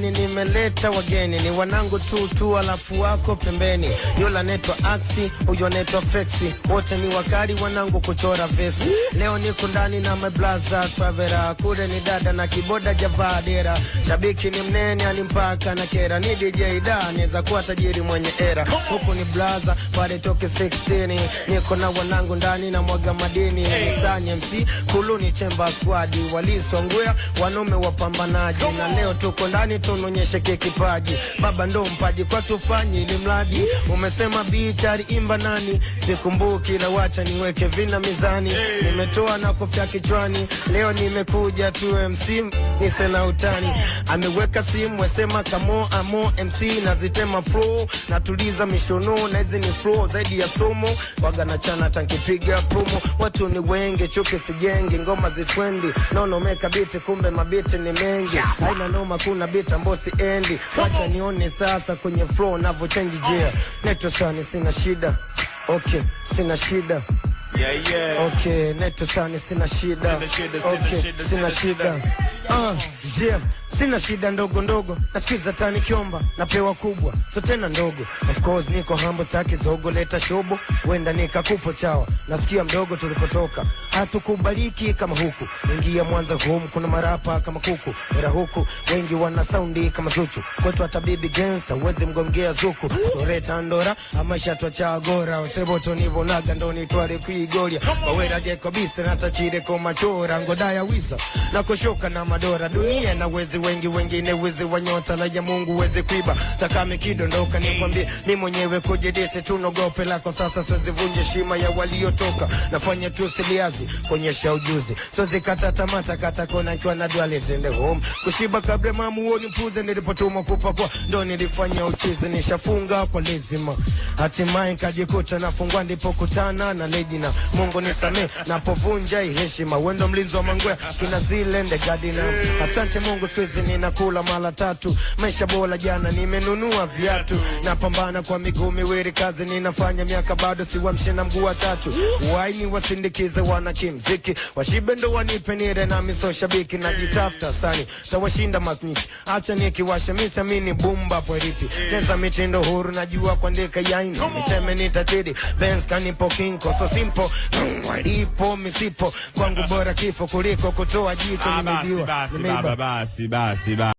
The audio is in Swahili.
mezani, nimeleta wageni, ni wanangu tu tu, alafu wako pembeni. Yule anaitwa Axi, huyo anaitwa Fexi, wote ni wakali wanangu kuchora vesi. Leo niko ndani na meblaza Travera, kule ni dada na kiboda Javadera, shabiki ni mnene alimpaka na kera, ni DJ da anaweza kuwa tajiri mwenye era, huku ni blaza pale toke 16 niko na wanangu ndani na mwaga madini hey. nisanye MC kuluni chemba squad walisongwea wanaume wapambanaji na leo tuko ndani mtoto unaonyesha kie kipaji, baba ndo mpaji kwa tufanye ili mradi umesema bichari imba nani sikumbuki, la wacha niweke vina mizani, nimetoa na kofia kichwani, leo nimekuja tu MC nise na utani, ameweka simu wesema kamo amo MC nazitema flow natuliza mishono na hizi ni flow zaidi ya somo waga na chana tankipiga promo watu ni wenge chuki sijenge ngoma zitwendi nono meka biti kumbe mabiti ni mengi haina noma kuna biti kitambo siendi, wacha nione sasa kwenye flow navo change jia neto sani, sina shida okay, sina shida yeah, yeah. Okay, neto sani, sina shida okay, sina shida Uh, yeah. Sina shida ndogo ndogo, nasikiza tani kiomba, napewa kubwa, so tena ndogo. Of course niko hambo, staki zogo, leta shobo, wenda nikakupo chawa. Nasikia mdogo, tulipotoka hatukubaliki kama huku. Ingia Mwanza home, kuna marapa kama kuku, era huku wengi wana soundi kama Zuchu. Kwetu hata bibi gangsta uwezi mgongea Zuku, toreta ndora amaisha twacha gora, wasebo tonivonaga ndoni tware kuigoria bawera jeko kabisa natachire kumachora, ngodaya wisa nakoshoka na dola dunia na wezi wengi wengine, wezi wa nyota la ya Mungu wezi kuiba takame kidondoka, nikwambie mi mwenyewe kujidisi tunogope lako sasa, siwezi vunje shima ya waliotoka, nafanya tu siliazi kuonyesha ujuzi, siwezi kata tamata kata kona nikiwa na dwali zende home kushiba kabla mamu woni mpuze nilipotuma kupakwa ndo nilifanya uchizi nishafunga kwa lazima, hatimaye kajikuta nafungwa ndipo kutana na lady na Mungu nisamee napovunja heshima wendo mlinzi wa mangwea kina zile ndegadi Asante Mungu, siku hizi ninakula mara tatu, maisha bora. Jana nimenunua viatu, napambana kwa miguu miwili, kazi ninafanya miaka, bado siwamshi na mguu wa tatu. Waini wasindikize wana kimziki, washibe ndo wanipe nire, nami so shabiki, jitafuta sani tawashinda masnichi, acha nikiwasha misa mini bumba pweripi neza mitindo huru, najua kuandika yaini, niteme nitatidi Benz kanipo kinko so simple mm, walipo misipo kwangu, bora kifo kuliko kutoa jicho, ah, nimejua basi basi basi basi.